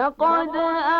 لقد أ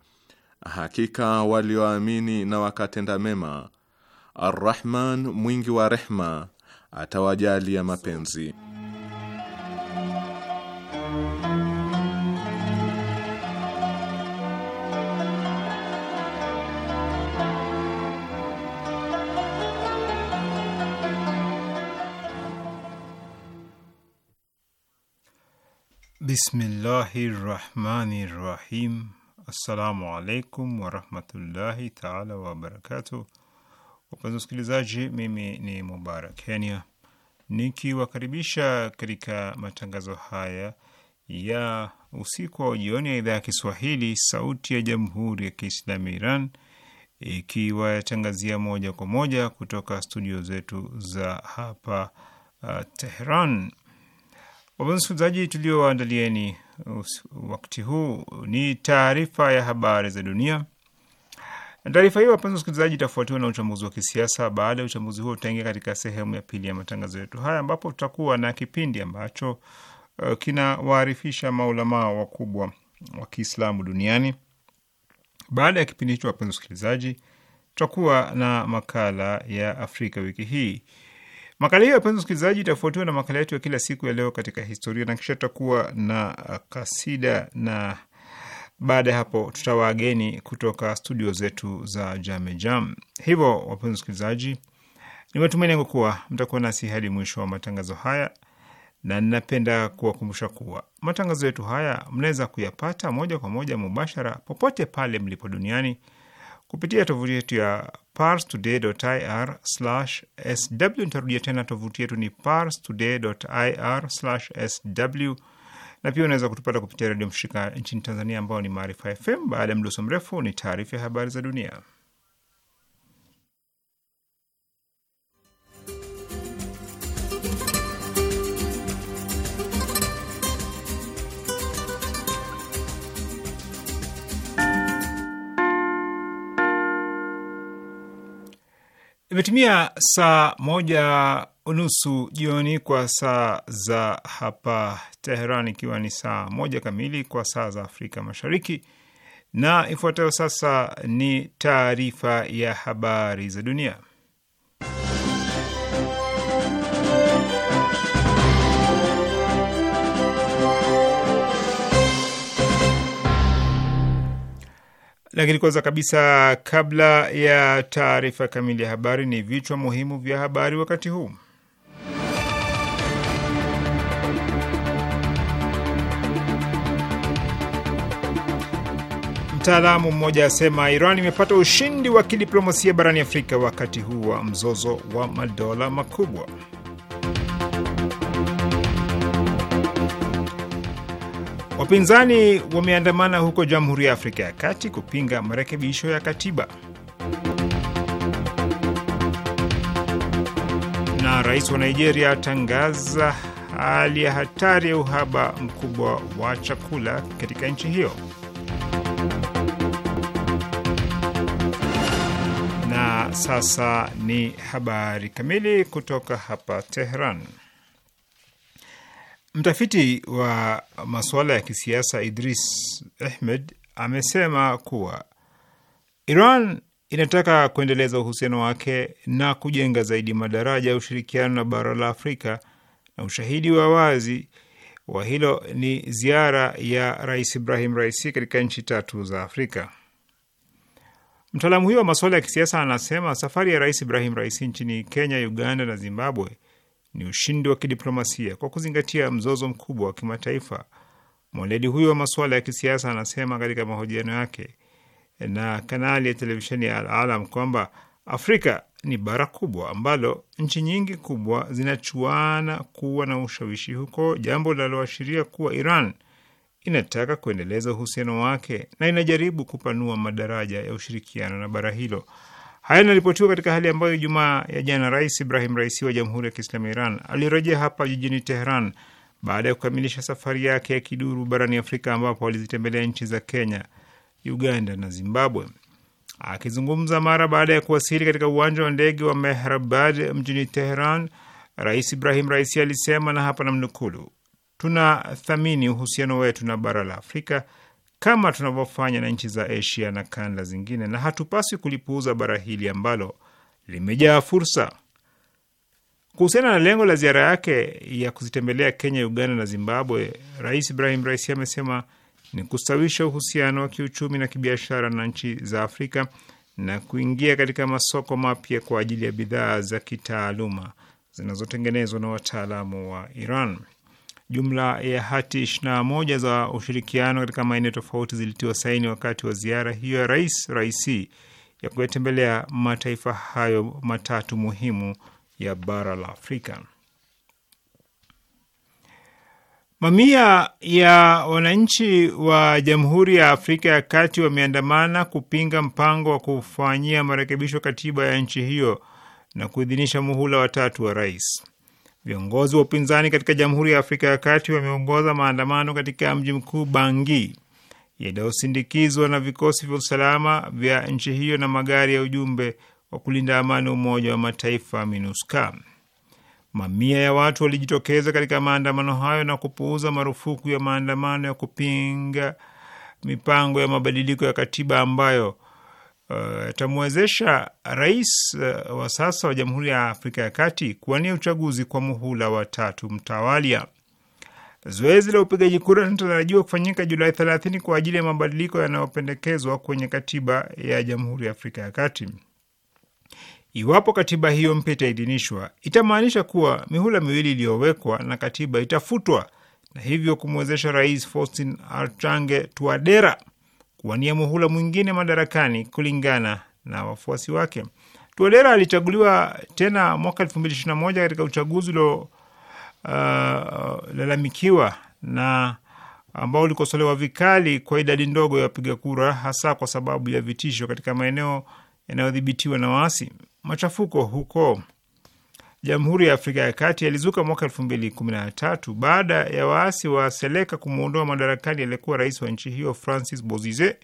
Hakika walioamini na wakatenda mema, Arrahman mwingi wa rehma atawajalia mapenzi. Bismillahi rahmani rahim. Assalamu alaikum warahmatullahi taala wabarakatu. Wapenzi wasikilizaji, mimi ni Mubarak Kenya nikiwakaribisha katika matangazo haya ya usiku wa jioni ya idhaa ya Kiswahili sauti ya jamhuri ya Kiislamu Iran ikiwatangazia moja kwa moja kutoka studio zetu za hapa uh, Tehran. Wapenzi wasikilizaji, tuliowaandalieni wakati huu ni taarifa ya habari za dunia. Taarifa hiyo wapenzi wasikilizaji, itafuatiwa na uchambuzi wa kisiasa. Baada ya uchambuzi huo, utaingia katika sehemu ya pili ya matangazo yetu haya, ambapo tutakuwa na kipindi ambacho uh, kinawaarifisha maulamaa wakubwa wa Kiislamu duniani. Baada ya kipindi hicho, wapenzi wasikilizaji, tutakuwa na makala ya Afrika wiki hii Makala hiyo wapenzi msikilizaji, itafuatiwa na makala yetu ya kila siku ya leo katika historia, na kisha tutakuwa na uh, kasida, na baada ya hapo tutawaageni kutoka studio zetu za Jamejam. Hivyo wapenzi msikilizaji, ni matumaini yangu kuwa mtakuwa nasi hadi mwisho wa matangazo haya, na ninapenda kuwakumbusha kuwa matangazo yetu haya mnaweza kuyapata moja kwa moja mubashara popote pale mlipo duniani kupitia tovuti yetu ya parstoday.ir/sw. Nitarudia tena, tovuti yetu ni parstoday.ir/sw, na pia unaweza kutupata kupitia redio mshirika nchini Tanzania ambao ni Maarifa FM. Baada ya mdoso mrefu, ni taarifa ya habari za dunia Imetimia saa moja unusu jioni kwa saa za hapa Teheran, ikiwa ni saa moja kamili kwa saa za Afrika Mashariki, na ifuatayo sasa ni taarifa ya habari za dunia. Lakini kwanza kabisa, kabla ya taarifa kamili ya habari, ni vichwa muhimu vya habari wakati huu. Mtaalamu mmoja asema Iran imepata ushindi wa kidiplomasia barani Afrika wakati huu wa mzozo wa madola makubwa. Upinzani wameandamana huko Jamhuri ya Afrika ya Kati kupinga marekebisho ya katiba. Na rais wa Nigeria atangaza hali ya hatari ya uhaba mkubwa wa chakula katika nchi hiyo. Na sasa ni habari kamili kutoka hapa Tehran. Mtafiti wa masuala ya kisiasa Idris Ahmed amesema kuwa Iran inataka kuendeleza uhusiano wake na kujenga zaidi madaraja ya ushirikiano na bara la Afrika, na ushahidi wa wazi wa hilo ni ziara ya Rais Ibrahim Raisi katika nchi tatu za Afrika. Mtaalamu huyo wa masuala ya kisiasa anasema safari ya Rais Ibrahim Raisi nchini Kenya, Uganda na Zimbabwe ni ushindi wa kidiplomasia kwa kuzingatia mzozo mkubwa wa kimataifa. Mweledi huyo wa masuala ya kisiasa anasema katika mahojiano yake na kanali ya televisheni ya alalam kwamba Afrika ni bara kubwa ambalo nchi nyingi kubwa zinachuana kuwa na ushawishi huko, jambo linaloashiria kuwa Iran inataka kuendeleza uhusiano wake na inajaribu kupanua madaraja ya ushirikiano na bara hilo. Haya yanaripotiwa katika hali ambayo Ijumaa ya jana Rais Ibrahim Raisi wa Jamhuri ya Kiislamu ya Iran alirejea hapa jijini Teheran baada ya kukamilisha safari yake ya kiduru barani Afrika ambapo alizitembelea nchi za Kenya, Uganda na Zimbabwe. Akizungumza mara baada ya kuwasili katika uwanja wa ndege wa Mehrabad mjini Teheran, Rais Ibrahim Raisi alisema, na hapa namnukulu, tunathamini uhusiano wetu na bara la Afrika kama tunavyofanya na nchi za Asia na kanda zingine, na hatupaswi kulipuuza bara hili ambalo limejaa fursa. Kuhusiana na lengo la ziara yake ya kuzitembelea Kenya, Uganda na Zimbabwe, Rais Ibrahim Raisi amesema ni kustawisha uhusiano wa kiuchumi na kibiashara na nchi za Afrika na kuingia katika masoko mapya kwa ajili ya bidhaa za kitaaluma zinazotengenezwa na wataalamu wa Iran. Jumla ya hati 21 za ushirikiano katika maeneo tofauti zilitiwa saini wakati wa ziara hiyo ya rais Raisi ya kuyatembelea mataifa hayo matatu muhimu ya bara la Afrika. Mamia ya wananchi wa Jamhuri ya Afrika ya Kati wameandamana kupinga mpango wa kufanyia marekebisho katiba ya nchi hiyo na kuidhinisha muhula watatu wa rais. Viongozi wa upinzani katika Jamhuri ya Afrika ya Kati wameongoza maandamano katika mji mkuu Bangi yaliyosindikizwa na vikosi vya usalama vya nchi hiyo na magari ya ujumbe wa kulinda amani Umoja wa Mataifa MINUSCA. Mamia ya watu walijitokeza katika maandamano hayo na kupuuza marufuku ya maandamano ya kupinga mipango ya mabadiliko ya katiba ambayo Eh, itamwezesha uh, rais uh, wa sasa wa Jamhuri ya Afrika ya Kati kuwania uchaguzi kwa muhula wa tatu mtawalia. Zoezi la upigaji kura linatarajiwa kufanyika Julai 30 kwa ajili ya mabadiliko yanayopendekezwa kwenye katiba ya Jamhuri ya Afrika ya Kati. Iwapo katiba hiyo mpya itaidhinishwa, itamaanisha kuwa mihula miwili iliyowekwa na katiba itafutwa na hivyo kumwezesha Rais Faustin Archange Touadera kuwania muhula mwingine madarakani kulingana na wafuasi wake. Touadera alichaguliwa tena mwaka moja katika uchaguzi uliolalamikiwa uh, na ambao ulikosolewa vikali kwa idadi ndogo ya wapiga kura, hasa kwa sababu ya vitisho katika maeneo yanayodhibitiwa na waasi. Machafuko huko Jamhuri ya Afrika ya Kati yalizuka mwaka elfu mbili kumi na tatu baada ya waasi wa Seleka kumwondoa madarakani aliyekuwa rais wa nchi hiyo Francis Bozize.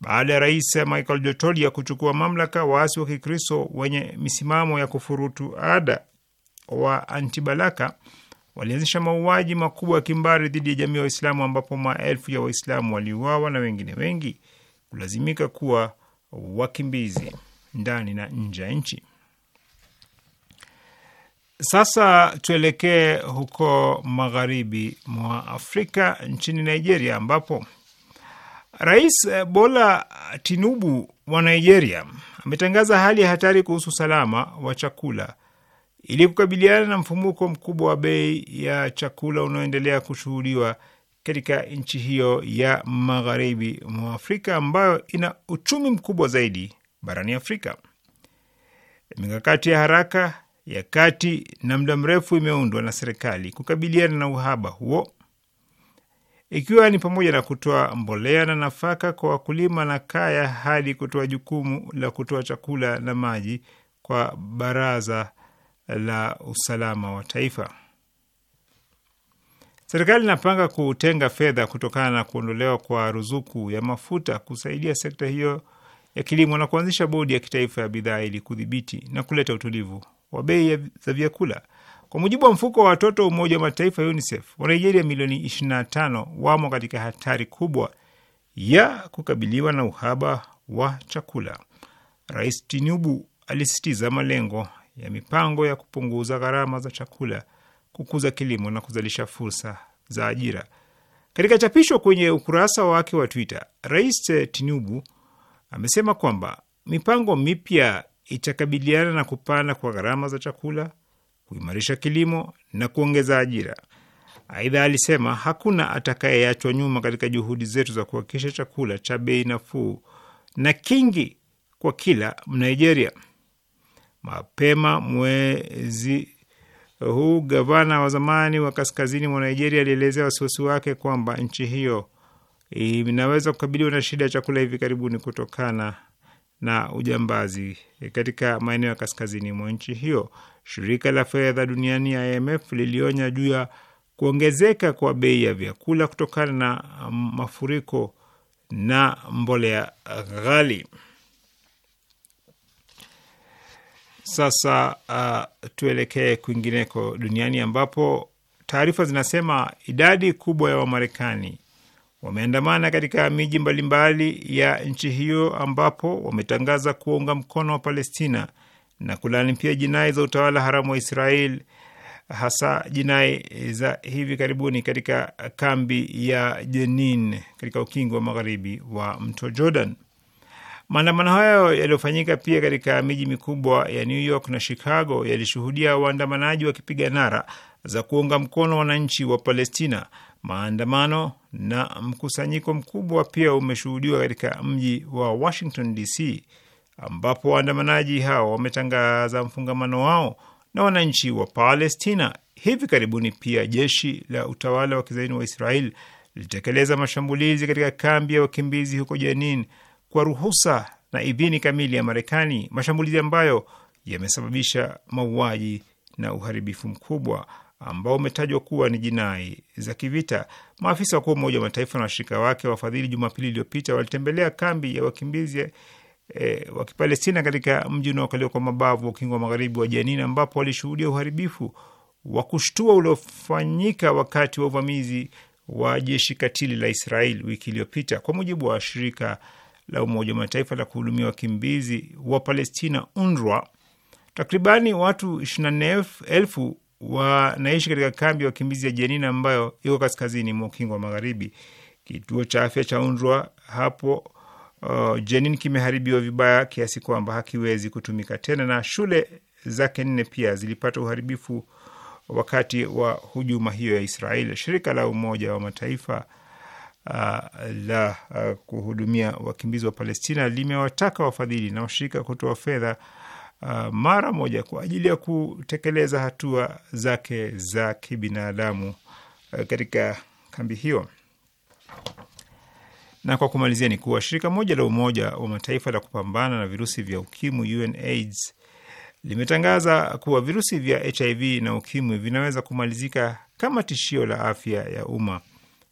Baada ya rais Michael Jotodia kuchukua mamlaka, waasi wa Kikristo wenye misimamo ya kufurutu ada wa Antibalaka walianzisha mauaji makubwa ya kimbari dhidi ya jamii ya Waislamu, ambapo maelfu ya Waislamu waliuawa na wengine wengi kulazimika kuwa wakimbizi ndani na nje ya nchi. Sasa tuelekee huko magharibi mwa Afrika, nchini Nigeria, ambapo Rais Bola Tinubu wa Nigeria ametangaza hali ya hatari kuhusu usalama wa chakula ili kukabiliana na mfumuko mkubwa wa bei ya chakula unaoendelea kushuhudiwa katika nchi hiyo ya magharibi mwa Afrika ambayo ina uchumi mkubwa zaidi barani Afrika. Mikakati ya haraka ya kati na muda mrefu imeundwa na serikali kukabiliana na uhaba huo, ikiwa ni pamoja na kutoa mbolea na nafaka kwa wakulima na kaya hadi kutoa jukumu la kutoa chakula na maji kwa Baraza la Usalama wa Taifa. Serikali inapanga kutenga fedha kutokana na kuondolewa kwa ruzuku ya mafuta kusaidia sekta hiyo ya kilimo na kuanzisha bodi ya kitaifa ya bidhaa ili kudhibiti na kuleta utulivu wa bei za vyakula. Kwa mujibu wa mfuko wa watoto wa Umoja wa Mataifa UNICEF, wa Nigeria milioni 25 wamo katika hatari kubwa ya kukabiliwa na uhaba wa chakula. Rais Tinubu alisisitiza malengo ya mipango ya kupunguza gharama za chakula, kukuza kilimo na kuzalisha fursa za ajira. Katika chapisho kwenye ukurasa wake wa Twitter, Rais Tinubu amesema kwamba mipango mipya itakabiliana na kupanda kwa gharama za chakula, kuimarisha kilimo na kuongeza ajira. Aidha alisema hakuna atakayeachwa nyuma katika juhudi zetu za kuhakikisha chakula cha bei nafuu na kingi kwa kila Mnigeria. Mapema mwezi huu gavana wa zamani wa kaskazini mwa Nigeria alielezea wasiwasi wake kwamba nchi hiyo inaweza kukabiliwa na shida ya chakula hivi karibuni kutokana na ujambazi e, katika maeneo ya kaskazini mwa nchi hiyo. Shirika la fedha duniani ya IMF lilionya juu ya kuongezeka kwa bei ya vyakula kutokana na um, mafuriko na mbolea ghali. Sasa uh, tuelekee kwingineko duniani ambapo taarifa zinasema idadi kubwa ya Wamarekani wameandamana katika miji mbalimbali ya nchi hiyo ambapo wametangaza kuunga mkono wa Palestina na kulaani pia jinai za utawala haramu wa Israel hasa jinai za hivi karibuni katika kambi ya Jenin katika ukingo wa magharibi wa mto Jordan. Maandamano hayo yaliyofanyika pia katika miji mikubwa ya New York na Chicago yalishuhudia waandamanaji wakipiga nara za kuunga mkono wananchi wa Palestina. Maandamano na mkusanyiko mkubwa pia umeshuhudiwa katika mji wa Washington DC, ambapo waandamanaji hao wametangaza mfungamano wao na wananchi wa Palestina. Hivi karibuni pia jeshi la utawala wa kizaini wa Israel lilitekeleza mashambulizi katika kambi ya wakimbizi huko Jenin kwa ruhusa na idhini kamili ya Marekani, mashambulizi ambayo yamesababisha mauaji na uharibifu mkubwa ambao umetajwa kuwa ni jinai za kivita. Maafisa wakuu wa Umoja wa Mataifa na washirika wake wafadhili, Jumapili iliyopita walitembelea kambi ya wakimbizi e, wa Kipalestina katika mji unaokaliwa kwa mabavu wa Ukingo wa Magharibi wa Janini, ambapo walishuhudia uharibifu wa kushtua uliofanyika wakati wa uvamizi wa jeshi katili la Israel wiki iliyopita. Kwa mujibu wa shirika la Umoja wa Mataifa la kuhudumia wakimbizi wa Palestina, UNRWA, takribani watu elfu wanaishi katika kambi ya wa wakimbizi ya Jenin ambayo iko kaskazini mwa ukingo wa magharibi. Kituo cha afya cha UNRWA hapo uh, Jenin kimeharibiwa vibaya kiasi kwamba hakiwezi kutumika tena na shule zake nne pia zilipata uharibifu wakati wa hujuma hiyo ya Israeli. Shirika la Umoja wa Mataifa uh, la uh, kuhudumia wakimbizi wa Palestina limewataka wafadhili na washirika kutoa fedha uh, mara moja kwa ajili ya kutekeleza hatua zake za kibinadamu uh, katika kambi hiyo. Na kwa kumalizia ni kuwa shirika moja la Umoja wa Mataifa la kupambana na virusi vya ukimwi UNAIDS limetangaza kuwa virusi vya HIV na ukimwi vinaweza kumalizika kama tishio la afya ya umma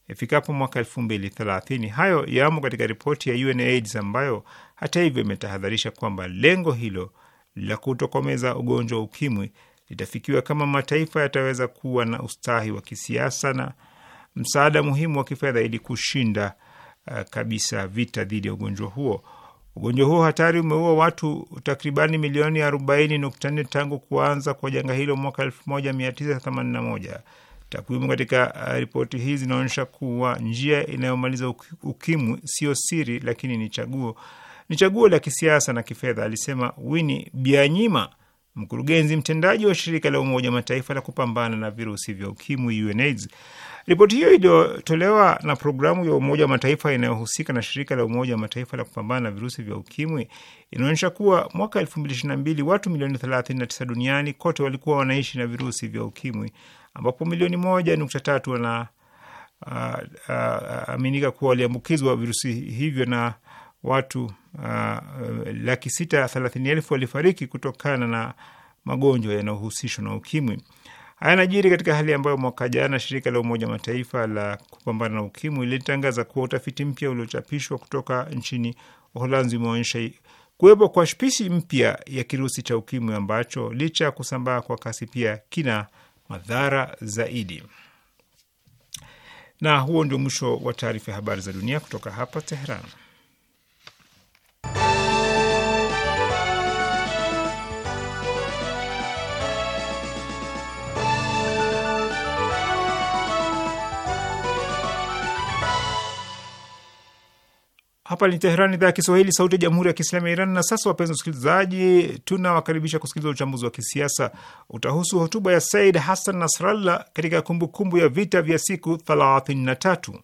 ifikapo mwaka elfu mbili thelathini. Hayo yamo katika ripoti ya UNAIDS ambayo hata hivyo imetahadharisha kwamba lengo hilo la kutokomeza ugonjwa wa ukimwi litafikiwa kama mataifa yataweza kuwa na ustahi wa kisiasa na msaada muhimu wa kifedha ili kushinda uh, kabisa vita dhidi ya ugonjwa huo. Ugonjwa huo hatari umeua watu takribani milioni 40.4 tangu kuanza kwa janga hilo mwaka 1981. Takwimu katika uh, ripoti hii zinaonyesha kuwa njia inayomaliza ukimwi sio siri, lakini ni chaguo ni chaguo la kisiasa na kifedha, alisema Wini Bianyima, mkurugenzi mtendaji wa shirika la Umoja Mataifa la kupambana na virusi vya ukimwi UNAIDS. Ripoti hiyo iliyotolewa na programu ya Umoja wa Mataifa inayohusika na shirika la Umoja wa Mataifa la kupambana na virusi vya ukimwi inaonyesha kuwa mwaka 2022 watu milioni 39 duniani kote walikuwa wanaishi na virusi vya ukimwi, ambapo milioni 1.3 wanaaminika uh, uh, uh kuwa waliambukizwa virusi hivyo na watu uh, laki sita thelathini elfu walifariki kutokana na magonjwa yanayohusishwa na ukimwi. Haya yanajiri katika hali ambayo mwaka jana shirika la Umoja wa Mataifa la kupambana na ukimwi lilitangaza kuwa utafiti mpya uliochapishwa kutoka nchini Uholanzi umeonyesha kuwepo kwa spishi mpya ya kirusi cha ukimwi ambacho licha ya kusambaa kwa kasi pia kina madhara zaidi. Na huo ndio mwisho wa taarifa ya habari za dunia kutoka hapa Teheran. Hapa ni Teheran, idhaa ya Kiswahili, sauti ya jamhuri ya kiislamu ya Iran. Na sasa, wapenzi wasikilizaji, tunawakaribisha kusikiliza uchambuzi wa kisiasa. Utahusu hotuba ya Said Hassan Nasrallah katika kumbukumbu kumbu ya vita vya siku 33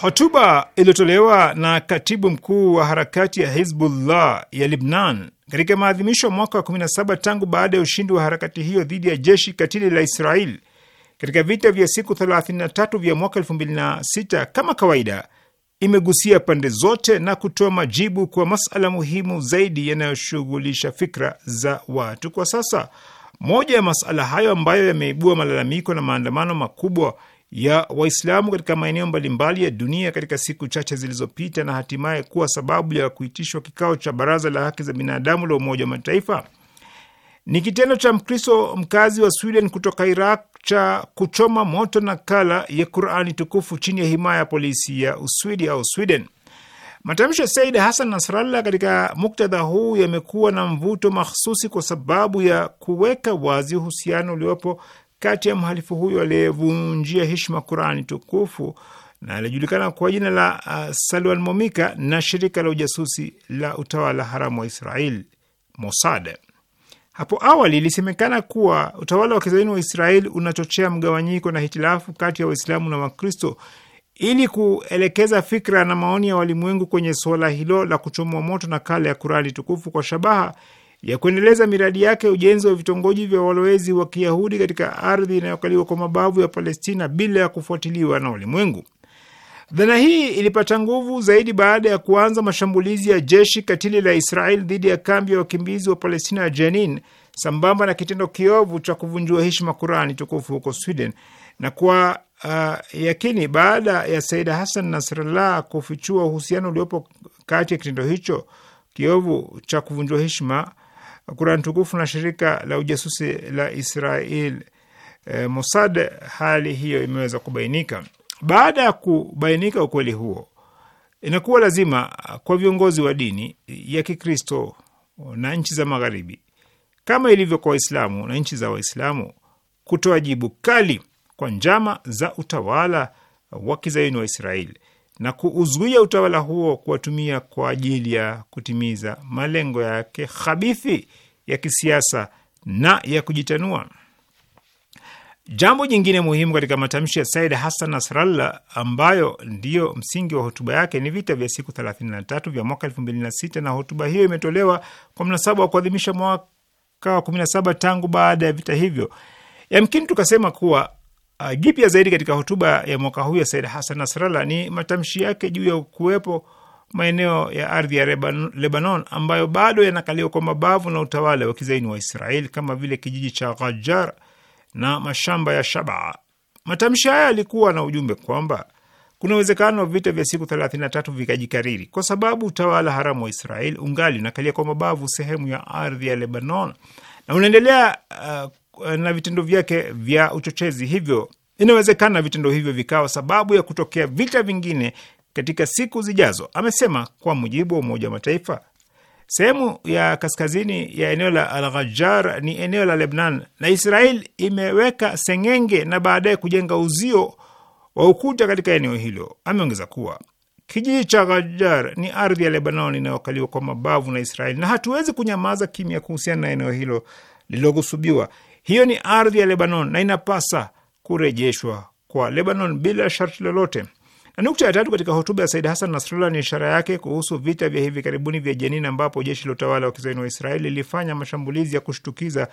Hotuba iliyotolewa na katibu mkuu wa harakati ya Hizbullah ya Libnan katika maadhimisho ya mwaka wa 17 tangu baada ya ushindi wa harakati hiyo dhidi ya jeshi katili la Israel katika vita vya siku 33 vya mwaka 2006 kama kawaida imegusia pande zote na kutoa majibu kwa masala muhimu zaidi yanayoshughulisha fikra za watu kwa sasa. Moja ya masala hayo ambayo yameibua malalamiko na maandamano makubwa ya Waislamu katika maeneo mbalimbali ya dunia katika siku chache zilizopita na hatimaye kuwa sababu ya kuitishwa kikao cha Baraza la Haki za Binadamu la Umoja wa Mataifa ni kitendo cha Mkristo mkazi wa Sweden kutoka Iraq cha kuchoma moto nakala ya Qurani tukufu chini ya himaya ya polisi ya Uswidi au Sweden. Matamshi ya Said Hassan Nasrallah katika muktadha huu yamekuwa na mvuto mahsusi kwa sababu ya kuweka wazi uhusiano uliopo kati ya mhalifu huyo aliyevunjia heshima Qurani tukufu na alijulikana kwa jina la uh, Salwan Momika na shirika la ujasusi la utawala haramu wa Israel Mossad. Hapo awali ilisemekana kuwa utawala wa kizaini wa Israel unachochea mgawanyiko na hitilafu kati ya Waislamu na Wakristo ili kuelekeza fikra na maoni ya walimwengu kwenye suala hilo la kuchomwa moto na kale ya Kurani tukufu kwa shabaha ya kuendeleza miradi yake ya ujenzi wa vitongoji vya walowezi wa Kiyahudi katika ardhi inayokaliwa kwa mabavu ya Palestina bila ya kufuatiliwa na ulimwengu. Dhana hii ilipata nguvu zaidi baada ya kuanza mashambulizi ya jeshi katili la Israel dhidi ya kambi ya wakimbizi wa Palestina ya Jenin, sambamba na kitendo kiovu cha kuvunjua heshima Kurani tukufu huko Sweden. Na kwa uh, yakini baada ya Saida Hassan Nasrallah kufichua uhusiano uliopo kati ya kitendo hicho kiovu cha kuvunjua heshima Qurani tukufu na shirika la ujasusi la Israel e, Mossad, hali hiyo imeweza kubainika. Baada ya kubainika ukweli huo, inakuwa lazima kwa viongozi wa dini ya Kikristo na nchi za Magharibi, kama ilivyo kwa Waislamu na nchi za Waislamu, kutoa jibu kali kwa njama za utawala wa kizayuni wa Israeli na kuuzuia utawala huo kuwatumia kwa ajili ya kutimiza malengo yake khabithi ya kisiasa na ya kujitanua. Jambo jingine muhimu katika matamshi ya Said Hassan Nasrallah ambayo ndiyo msingi wa hotuba yake ni vita vya siku 33 vya mwaka 2006 na hotuba hiyo imetolewa kwa mnasaba wa kuadhimisha mwaka wa 17 tangu baada ya vita hivyo. Yamkini tukasema kuwa uh, jipya zaidi katika hotuba ya mwaka huu ya Said Hassan Nasrallah ni matamshi yake juu ya kuwepo maeneo ya ardhi ya Lebanon ambayo bado yanakaliwa kwa mabavu na utawala wa kizaini wa Israel kama vile kijiji cha Ghajar na mashamba ya Shabaa. Matamshi haya yalikuwa na ujumbe kwamba kuna uwezekano vita vya siku 33 vikajikariri kwa sababu utawala haramu wa Israel ungali unakalia kwa mabavu sehemu ya ardhi ya Lebanon na unaendelea uh, na vitendo vyake vya uchochezi. Hivyo inawezekana vitendo hivyo vikawa sababu ya kutokea vita vingine katika siku zijazo, amesema. Kwa mujibu wa Umoja wa Mataifa, sehemu ya kaskazini ya eneo la Al Ghajar ni eneo la Lebnan na Israel imeweka sengenge na baadaye kujenga uzio wa ukuta katika eneo hilo. Ameongeza kuwa kijiji cha Ghajar ni ardhi ya Lebanon inayokaliwa kwa mabavu na Israel na hatuwezi kunyamaza kimya kuhusiana na eneo hilo lililogusubiwa. Hiyo ni ardhi ya Lebanon na inapasa kurejeshwa kwa Lebanon bila sharti lolote. Na nukta ya tatu katika hotuba ya Said Hassan Nasrallah ni ishara yake kuhusu vita vya hivi karibuni vya Jenin, ambapo jeshi la utawala wa kizayuni wa Israeli lilifanya mashambulizi ya kushtukiza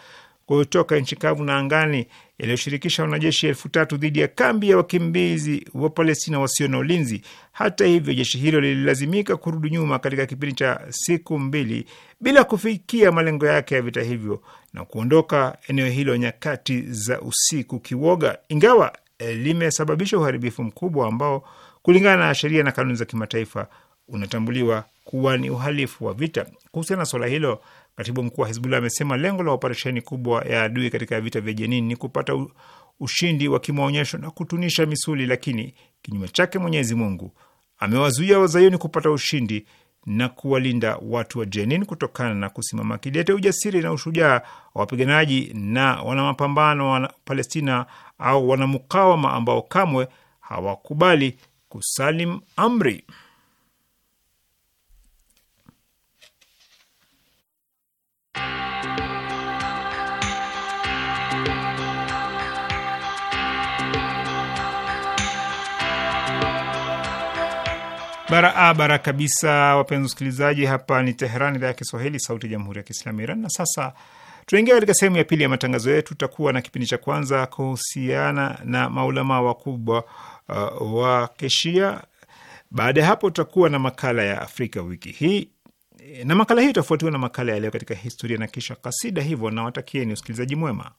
kutoka nchi kavu na angani yaliyoshirikisha wanajeshi elfu tatu dhidi ya kambi ya wakimbizi wa Palestina wasio na ulinzi. Hata hivyo, jeshi hilo lililazimika kurudi nyuma katika kipindi cha siku mbili bila kufikia malengo yake ya vita hivyo na kuondoka eneo hilo nyakati za usiku kiwoga, ingawa eh, limesababisha uharibifu mkubwa ambao kulingana na sheria na kanuni za kimataifa unatambuliwa kuwa ni uhalifu wa vita. Kuhusiana na suala hilo, katibu mkuu wa Hizbullah amesema lengo la operesheni kubwa ya adui katika vita vya Jenin ni kupata ushindi wa kimaonyesho na kutunisha misuli, lakini kinyume chake Mwenyezi Mungu amewazuia wazayuni kupata ushindi na kuwalinda watu wa Jenin kutokana na kusimama kidete, ujasiri na ushujaa wa wapiganaji na wanamapambano wa Palestina au wanamukawama ambao kamwe hawakubali kusalim amri. Barabara kabisa, wapenzi wasikilizaji, hapa ni Teheran, idhaa ya Kiswahili, sauti ya jamhuri ya kiislamu ya Iran. Na sasa tunaingia katika sehemu ya pili ya matangazo yetu. Tutakuwa na kipindi cha kwanza kuhusiana na maulamaa wakubwa uh, wa Kishia. Baada ya hapo tutakuwa na makala ya Afrika wiki hii, na makala hii itafuatiwa na makala ya leo katika historia na kisha kasida. Hivyo nawatakieni usikilizaji mwema.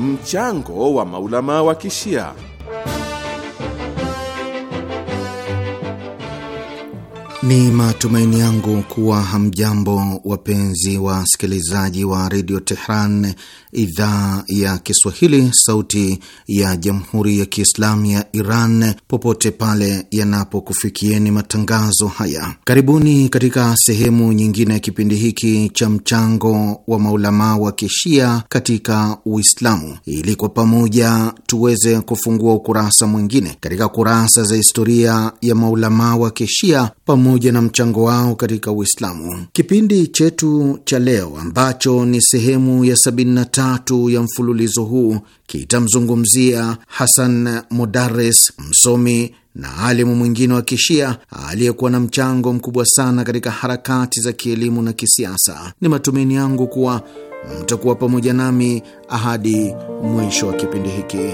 Mchango wa maulama wa Kishia. Ni matumaini yangu kuwa hamjambo, wapenzi wa sikilizaji wa redio Tehran, idhaa ya Kiswahili, sauti ya jamhuri ya Kiislamu ya Iran, popote pale yanapokufikieni matangazo haya. Karibuni katika sehemu nyingine ya kipindi hiki cha mchango wa maulamaa wa kishia katika Uislamu, ili kwa pamoja tuweze kufungua ukurasa mwingine katika kurasa za historia ya maulamaa wa kishia pamoja pamoja na mchango wao katika Uislamu. Kipindi chetu cha leo ambacho ni sehemu ya 73 ya mfululizo huu kitamzungumzia Hasan Modares, msomi na alimu mwingine wa Kishia aliyekuwa na mchango mkubwa sana katika harakati za kielimu na kisiasa. Ni matumaini yangu kuwa mtakuwa pamoja nami ahadi mwisho wa kipindi hiki.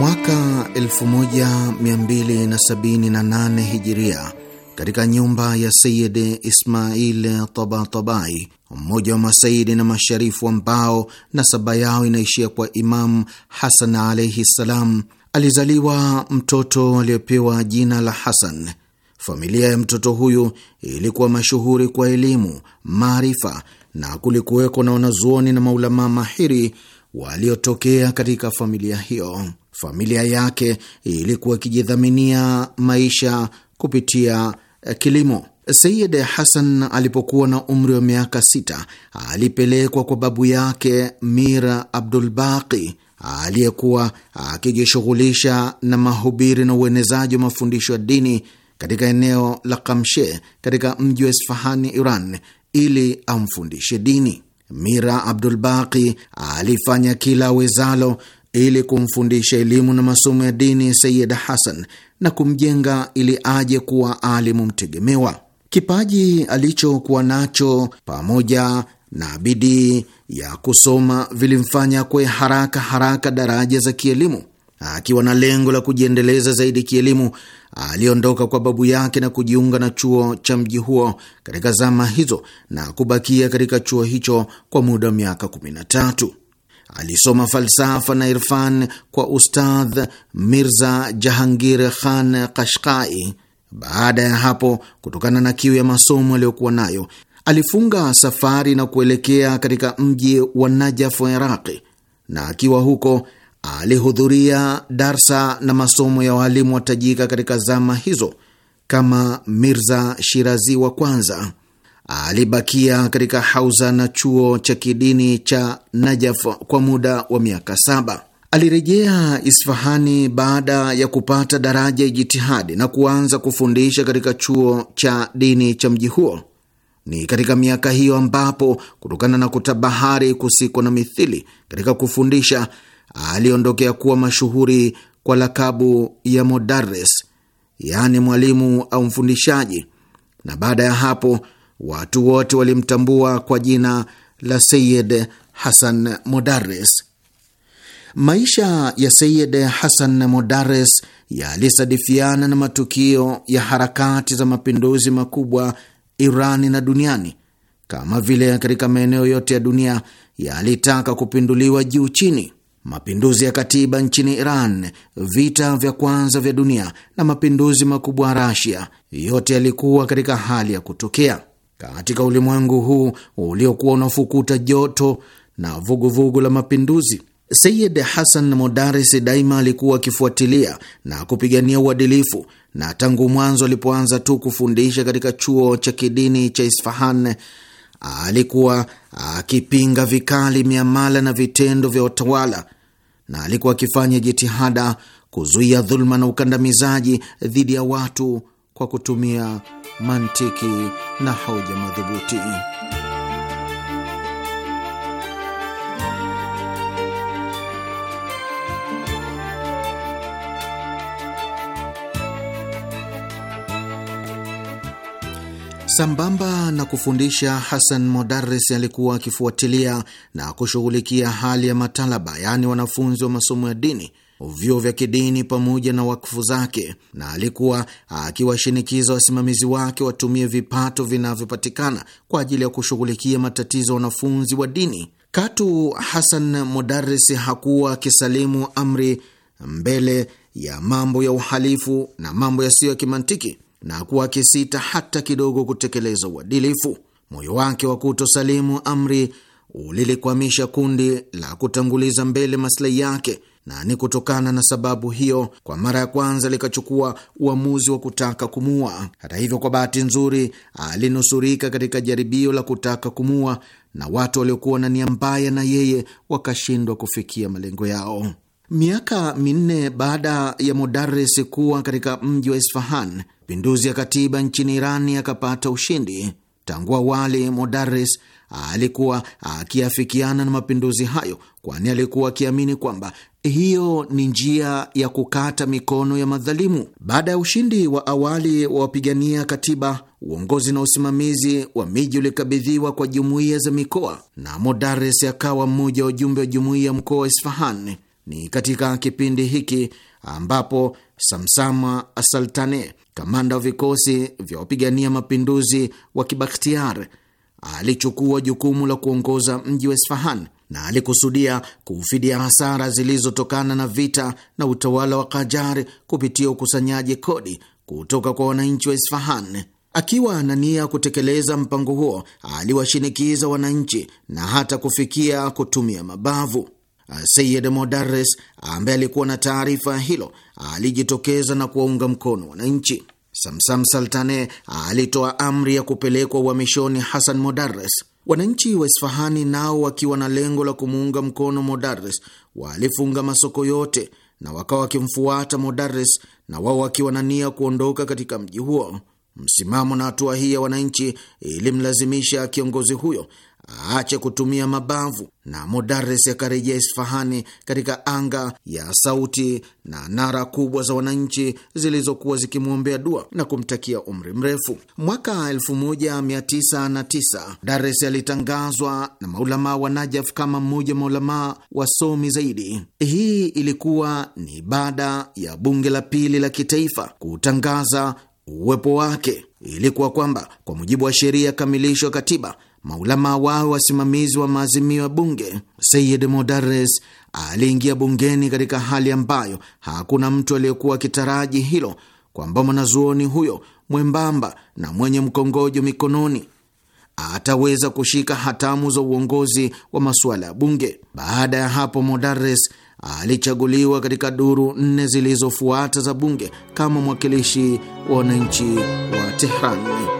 Mwaka 1278 hijiria katika nyumba ya Sayid Ismail Tabatabai, mmoja wa masaidi na masharifu ambao nasaba yao inaishia kwa Imamu Hasan alaihi ssalam, alizaliwa mtoto aliyepewa jina la Hasan. Familia ya mtoto huyu ilikuwa mashuhuri kwa elimu, maarifa na kulikuweko na wanazuoni na maulamaa mahiri waliotokea katika familia hiyo. Familia yake ilikuwa ikijidhaminia maisha kupitia eh, kilimo. Sayid Hasan alipokuwa na umri wa miaka sita alipelekwa kwa babu yake Mir Baqi aliyekuwa akijishughulisha na mahubiri na uenezaji wa mafundisho ya dini katika eneo la Kamshe katika mji wa Isfahani, Iran, ili amfundishe dini. Mira Baqi alifanya kila awezalo ili kumfundisha elimu na masomo ya dini Sayid Hasan na kumjenga ili aje kuwa alimu mtegemewa. Kipaji alichokuwa nacho pamoja na bidii ya kusoma vilimfanya kwe haraka haraka daraja za kielimu. Akiwa na lengo la kujiendeleza zaidi kielimu, aliondoka kwa babu yake na kujiunga na chuo cha mji huo katika zama hizo na kubakia katika chuo hicho kwa muda wa miaka 13. Alisoma falsafa na irfan kwa Ustadh Mirza Jahangir Khan Kashkai. Baada ya hapo, kutokana na kiu ya masomo aliyokuwa nayo, alifunga safari na kuelekea katika mji wa Najaf wa Iraqi, na akiwa huko alihudhuria darsa na masomo ya waalimu watajika katika zama hizo kama Mirza Shirazi wa kwanza alibakia katika hauza na chuo cha kidini cha Najaf kwa muda wa miaka saba. Alirejea Isfahani baada ya kupata daraja ya jitihadi na kuanza kufundisha katika chuo cha dini cha mji huo. Ni katika miaka hiyo ambapo kutokana na kutabahari kusiko na mithili katika kufundisha, aliondokea kuwa mashuhuri kwa lakabu ya Modares, yaani mwalimu au mfundishaji, na baada ya hapo watu wote walimtambua kwa jina la Sayid Hasan Modares. Maisha ya Sayid Hasan Modares yalisadifiana na matukio ya harakati za mapinduzi makubwa Irani na duniani, kama vile katika maeneo yote ya dunia yalitaka kupinduliwa juu chini: mapinduzi ya katiba nchini Iran, vita vya kwanza vya dunia na mapinduzi makubwa ya Rasia, yote yalikuwa katika hali ya kutokea. Katika ulimwengu huu uliokuwa unafukuta joto na vuguvugu vugu la mapinduzi, Sayid Hasan Modaris daima alikuwa akifuatilia na kupigania uadilifu, na tangu mwanzo alipoanza tu kufundisha katika chuo cha kidini cha Isfahan alikuwa akipinga vikali miamala na vitendo vya utawala na alikuwa akifanya jitihada kuzuia dhuluma na ukandamizaji dhidi ya watu kwa kutumia mantiki na hoja madhubuti. Sambamba na kufundisha, Hasan Modares alikuwa akifuatilia na kushughulikia hali ya matalaba, yaani wanafunzi wa masomo ya dini vyuo vya kidini pamoja na wakfu zake, na alikuwa akiwashinikiza wasimamizi wake watumie vipato vinavyopatikana kwa ajili ya kushughulikia matatizo ya wanafunzi wa dini. Katu Hasan Mudarris hakuwa akisalimu amri mbele ya mambo ya uhalifu na mambo yasiyo ya kimantiki, na kuwa akisita hata kidogo kutekeleza uadilifu. Moyo wake wa kutosalimu amri ulilikwamisha kundi la kutanguliza mbele maslahi yake na ni kutokana na sababu hiyo kwa mara ya kwanza likachukua uamuzi wa kutaka kumua. Hata hivyo, kwa bahati nzuri alinusurika katika jaribio la kutaka kumua, na watu waliokuwa na nia mbaya na yeye wakashindwa kufikia malengo yao. Miaka minne baada ya Modares kuwa katika mji wa Isfahan, mapinduzi ya katiba nchini Irani yakapata ushindi. Tangu awali Modares alikuwa akiafikiana na mapinduzi hayo, kwani alikuwa akiamini kwamba hiyo ni njia ya kukata mikono ya madhalimu. Baada ya ushindi wa awali wa wapigania katiba, uongozi na usimamizi wa miji ulikabidhiwa kwa jumuiya za mikoa, na Modares akawa mmoja wa ujumbe wa jumuiya ya mkoa wa Isfahan. Ni katika kipindi hiki ambapo Samsama Saltane, kamanda wa vikosi vya wapigania mapinduzi wa Kibaktiar, alichukua jukumu la kuongoza mji wa Isfahan na alikusudia kuufidia hasara zilizotokana na vita na utawala wa Kajari kupitia ukusanyaji kodi kutoka kwa wananchi wa Isfahan. Akiwa na nia kutekeleza mpango huo, aliwashinikiza wananchi na hata kufikia kutumia mabavu. Sayid Modarres ambaye alikuwa na taarifa hilo alijitokeza na kuwaunga mkono wananchi. Samsam Saltane alitoa amri ya kupelekwa uhamishoni Hasan Modarres. Wananchi wa Isfahani nao wakiwa na lengo la kumuunga mkono Modarres walifunga masoko yote na wakawa wakimfuata Modarres na wao wakiwa na nia kuondoka katika mji huo. Msimamo na hatua hii ya wananchi ilimlazimisha kiongozi huyo aache kutumia mabavu, na Modares akarejea Isfahani katika anga ya sauti na nara kubwa za wananchi zilizokuwa zikimwombea dua na kumtakia umri mrefu. Mwaka 1909 Dares alitangazwa na maulamaa wa Najaf kama mmoja maulamaa wasomi zaidi. Hii ilikuwa ni baada ya bunge la pili la kitaifa kutangaza uwepo wake. Ilikuwa kwamba kwa mujibu wa sheria kamilisho ya katiba maulama wao wasimamizi wa maazimio ya bunge. Sayid Modares aliingia bungeni katika hali ambayo hakuna mtu aliyekuwa akitaraji hilo, kwamba mwanazuoni huyo mwembamba na mwenye mkongojo mikononi ataweza kushika hatamu za uongozi wa masuala ya bunge. Baada ya hapo, Modares alichaguliwa katika duru nne zilizofuata za bunge kama mwakilishi wa wananchi wa Tehrani.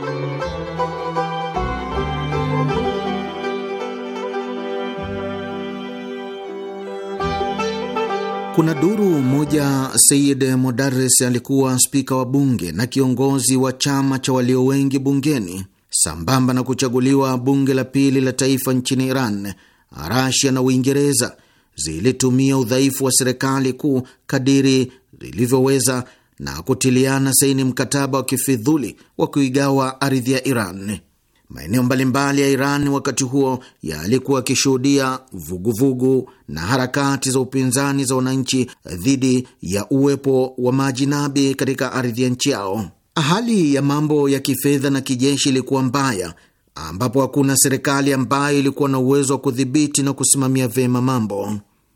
Kuna duru moja, Sayid Modares alikuwa spika wa bunge na kiongozi wa chama cha walio wengi bungeni. Sambamba na kuchaguliwa bunge la pili la taifa nchini Iran, Rasia na Uingereza zilitumia udhaifu wa serikali kuu kadiri zilivyoweza na kutiliana saini mkataba wa kifidhuli wa kuigawa ardhi ya Iran. Maeneo mbalimbali ya Iran wakati huo yalikuwa yakishuhudia vuguvugu na harakati za upinzani za wananchi dhidi ya uwepo wa majinabi katika ardhi ya nchi yao. Hali ya mambo ya kifedha na kijeshi ilikuwa mbaya, ambapo hakuna serikali ambayo ilikuwa na uwezo wa kudhibiti na kusimamia vyema mambo.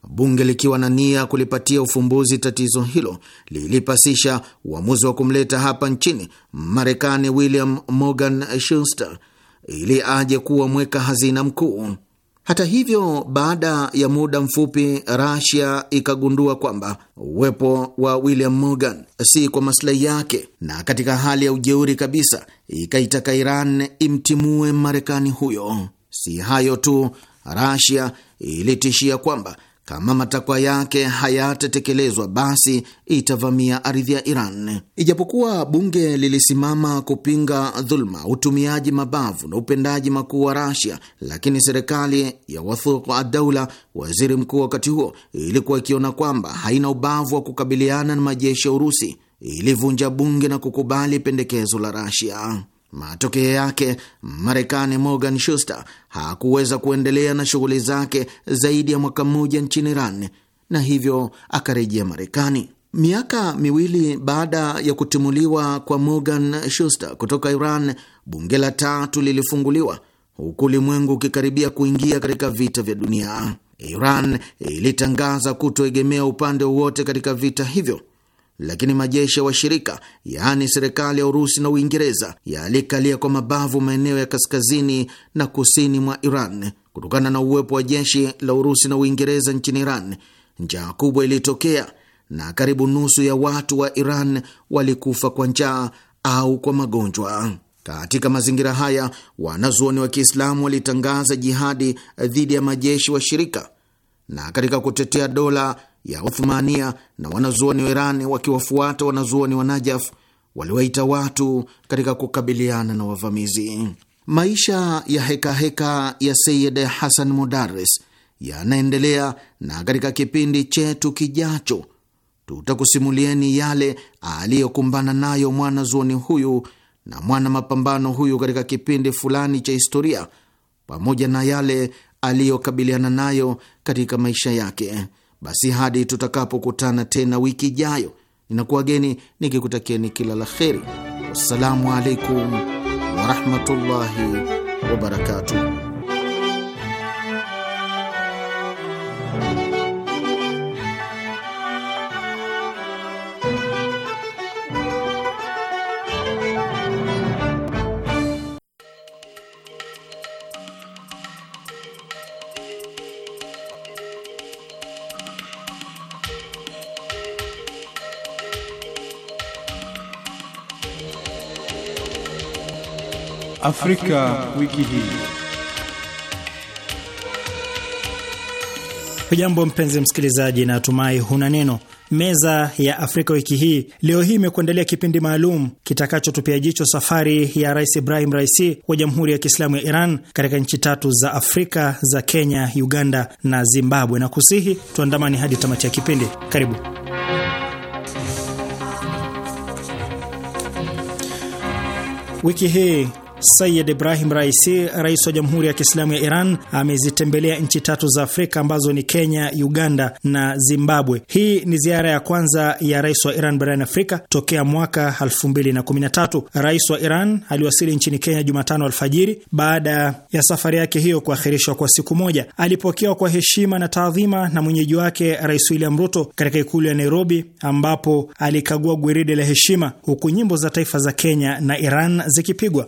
Bunge likiwa na nia kulipatia ufumbuzi tatizo hilo, lilipasisha uamuzi wa kumleta hapa nchini Marekani William Morgan Shuster ili aje kuwa mweka hazina mkuu. Hata hivyo, baada ya muda mfupi Rasia ikagundua kwamba uwepo wa William Morgan si kwa maslahi yake, na katika hali ya ujeuri kabisa ikaitaka Iran imtimue Marekani huyo. Si hayo tu, Rasia ilitishia kwamba kama matakwa yake hayatatekelezwa basi itavamia ardhi ya Iran. Ijapokuwa bunge lilisimama kupinga dhuluma, utumiaji mabavu na upendaji makuu wa Rasia, lakini serikali ya Wathuq Adaula, waziri mkuu wakati huo, ilikuwa ikiona kwamba haina ubavu wa kukabiliana na majeshi ya Urusi, ilivunja bunge na kukubali pendekezo la Rasia. Matokeo yake Marekani Morgan Shuster hakuweza kuendelea na shughuli zake zaidi ya mwaka mmoja nchini Iran na hivyo akarejea Marekani. Miaka miwili baada ya kutimuliwa kwa Morgan Shuster kutoka Iran, bunge la tatu lilifunguliwa huku ulimwengu ukikaribia kuingia katika vita vya dunia. Iran ilitangaza kutoegemea upande wowote katika vita hivyo lakini majeshi ya washirika yaani serikali ya Urusi na Uingereza yalikalia kwa mabavu maeneo ya kaskazini na kusini mwa Iran. Kutokana na uwepo wa jeshi la Urusi na Uingereza nchini Iran, njaa kubwa ilitokea na karibu nusu ya watu wa Iran walikufa kwa njaa au kwa magonjwa. Katika mazingira haya, wanazuoni wa Kiislamu walitangaza jihadi dhidi ya majeshi washirika na katika kutetea dola ya Uthmania na wanazuoni wa Irani wakiwafuata wanazuoni wa Najaf waliwaita watu katika kukabiliana na wavamizi. Maisha ya hekaheka heka ya Sayid Hasan Mudaris yanaendelea na katika kipindi chetu kijacho tutakusimulieni yale aliyokumbana nayo mwanazuoni huyu na mwana mapambano huyu katika kipindi fulani cha historia, pamoja na yale aliyokabiliana nayo katika maisha yake. Basi hadi tutakapokutana tena wiki ijayo, ninakuwageni nikikutakieni kila la kheri. Wassalamu alaikum warahmatullahi wabarakatuh. Afrika, wiki hii. Hujambo mpenzi msikilizaji, na tumai huna neno. Meza ya Afrika wiki hii leo hii imekuandalia kipindi maalum kitakachotupia jicho safari ya Rais Ibrahim Raisi wa Jamhuri ya Kiislamu ya Iran katika nchi tatu za Afrika za Kenya, Uganda na Zimbabwe, na kusihi tuandamani hadi tamati ya kipindi. Karibu. Wiki hii Sayid Ibrahim Raisi, rais wa Jamhuri ya Kiislamu ya Iran, amezitembelea nchi tatu za Afrika ambazo ni Kenya, Uganda na Zimbabwe. Hii ni ziara ya kwanza ya rais wa Iran barani Afrika tokea mwaka 2013. Rais wa Iran aliwasili nchini Kenya Jumatano alfajiri baada ya safari yake hiyo kuahirishwa kwa siku moja. Alipokewa kwa heshima na taadhima na mwenyeji wake Rais William Ruto katika ikulu ya Nairobi, ambapo alikagua gwiridi la heshima, huku nyimbo za taifa za Kenya na Iran zikipigwa.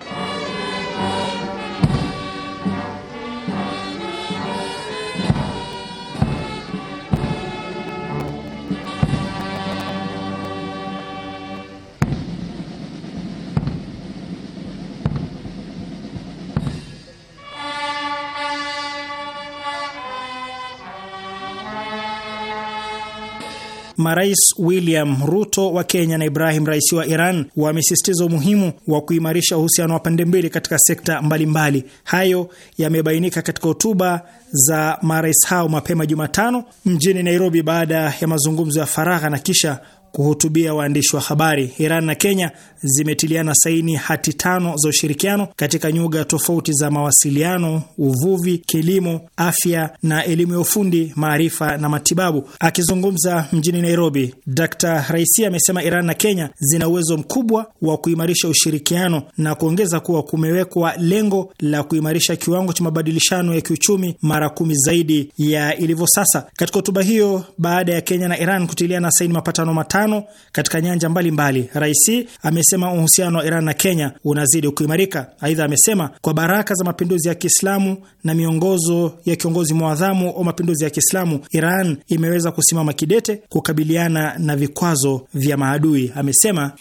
marais William Ruto wa Kenya na Ibrahim Raisi wa Iran wamesisitiza umuhimu wa kuimarisha uhusiano wa pande mbili katika sekta mbalimbali mbali. Hayo yamebainika katika hotuba za marais hao mapema Jumatano mjini Nairobi baada ya mazungumzo ya faragha na kisha kuhutubia waandishi wa habari. Iran na Kenya zimetiliana saini hati tano za ushirikiano katika nyuga tofauti za mawasiliano, uvuvi, kilimo, afya na elimu ya ufundi, maarifa na matibabu. Akizungumza mjini Nairobi, Dr. Raisi amesema Iran na Kenya zina uwezo mkubwa wa kuimarisha ushirikiano na kuongeza kuwa kumewekwa lengo la kuimarisha kiwango cha mabadilishano ya kiuchumi mara kumi zaidi ya ilivyo sasa. Katika hotuba hiyo, baada ya Kenya na Iran kutiliana saini mapatano matano ushirikiano katika nyanja mbalimbali. Raisi amesema uhusiano wa Iran na Kenya unazidi kuimarika. Aidha, amesema kwa baraka za mapinduzi ya Kiislamu na miongozo ya kiongozi mwadhamu wa mapinduzi ya Kiislamu, Iran imeweza kusimama kidete kukabiliana na vikwazo vya maadui. Amesema Ma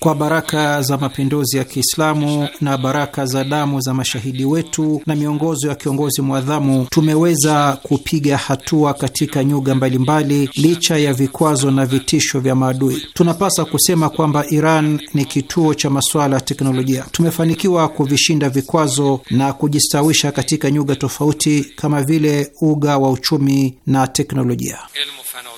kwa baraka za mapinduzi ya Kiislamu na baraka za damu za mashahidi wetu na miongozo ya kiongozi mwadhamu, tumeweza kupiga hatua katika nyuga mbalimbali mbali, licha ya vikwazo na vitisho vya maadui. Tunapasa kusema kwamba Iran ni kituo cha masuala ya teknolojia. Tumefanikiwa kuvishinda vikwazo na kujistawisha katika nyuga tofauti kama vile uga wa uchumi na teknolojia Ilmufano.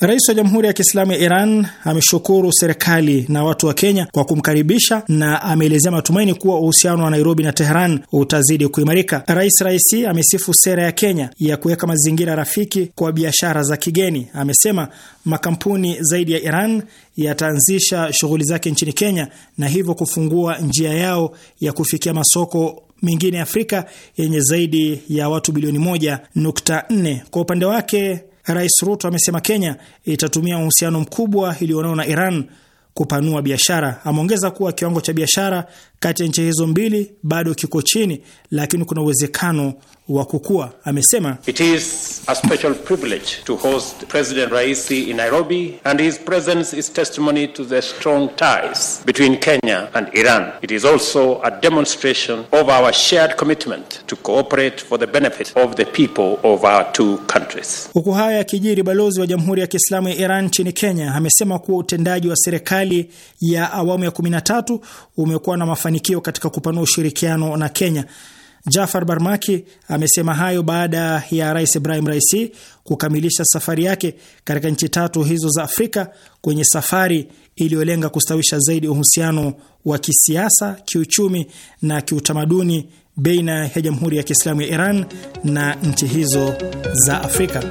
Rais wa Jamhuri ya Kiislamu ya Iran ameshukuru serikali na watu wa Kenya kwa kumkaribisha na ameelezea matumaini kuwa uhusiano wa Nairobi na Teheran utazidi kuimarika. Rais Raisi amesifu sera ya Kenya ya kuweka mazingira rafiki kwa biashara za kigeni. Amesema makampuni zaidi ya Iran yataanzisha shughuli zake nchini Kenya na hivyo kufungua njia yao ya kufikia masoko mengine Afrika yenye zaidi ya watu bilioni 1.4. Kwa upande wake Rais Ruto amesema Kenya itatumia uhusiano mkubwa iliyonao na Iran kupanua biashara. Ameongeza kuwa kiwango cha biashara kati ya nchi hizo mbili bado kiko chini, lakini kuna uwezekano wa kukua, amesema. It is a special privilege to host President Raisi in Nairobi and his presence is testimony to the strong ties between Kenya and Iran. It is also a demonstration of our shared commitment to cooperate for the benefit of the people of our two countries. Huku haya yakijiri, balozi wa Jamhuri ya Kiislamu ya Iran nchini Kenya amesema kuwa utendaji wa serikali ya awamu ya 13 umekuwa na mafanikio katika kupanua ushirikiano na Kenya. Jafar Barmaki amesema hayo baada ya Rais Ibrahim Raisi kukamilisha safari yake katika nchi tatu hizo za Afrika kwenye safari iliyolenga kustawisha zaidi uhusiano wa kisiasa, kiuchumi na kiutamaduni baina ya Jamhuri ya Kiislamu ya Iran na nchi hizo za Afrika.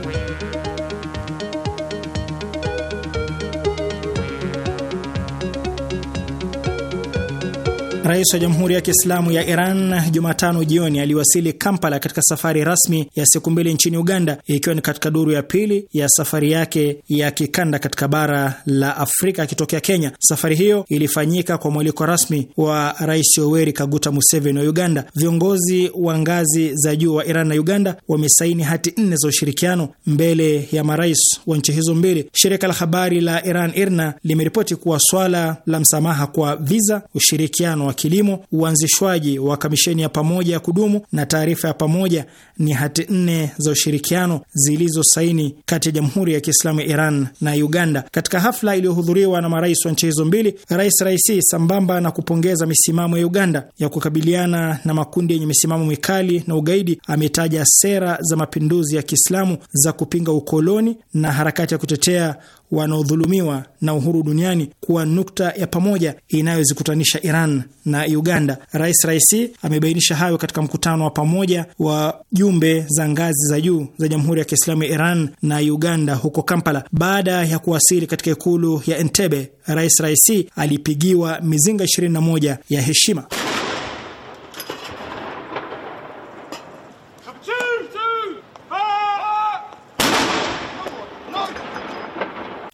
Rais wa Jamhuri ya Kiislamu ya Iran Jumatano jioni aliwasili Kampala katika safari rasmi ya siku mbili nchini Uganda, ikiwa ni katika duru ya pili ya safari yake ya kikanda katika bara la Afrika akitokea Kenya. Safari hiyo ilifanyika kwa mwaliko rasmi wa Rais Yoweri Kaguta Museveni wa Uganda. Viongozi wa ngazi za juu wa Iran na Uganda wamesaini hati nne za ushirikiano mbele ya marais wa nchi hizo mbili. Shirika la habari la Iran IRNA limeripoti kuwa swala la msamaha kwa viza, ushirikiano wa kilimo, uanzishwaji wa kamisheni ya pamoja ya kudumu na taarifa ya pamoja ni hati nne za ushirikiano zilizosaini kati ya Jamhuri ya Kiislamu ya Iran na Uganda. Katika hafla iliyohudhuriwa na marais wa nchi hizo mbili, Rais Raisi, sambamba na kupongeza misimamo ya Uganda ya kukabiliana na makundi yenye misimamo mikali na ugaidi, ametaja sera za mapinduzi ya Kiislamu za kupinga ukoloni na harakati ya kutetea wanaodhulumiwa na uhuru duniani kuwa nukta ya pamoja inayozikutanisha Iran na Uganda. Rais Raisi amebainisha hayo katika mkutano wa pamoja wa jumbe za ngazi za juu za Jamhuri ya Kiislamu ya Iran na Uganda huko Kampala. Baada ya kuwasili katika ikulu ya Entebbe, Rais Raisi alipigiwa mizinga 21 ya heshima.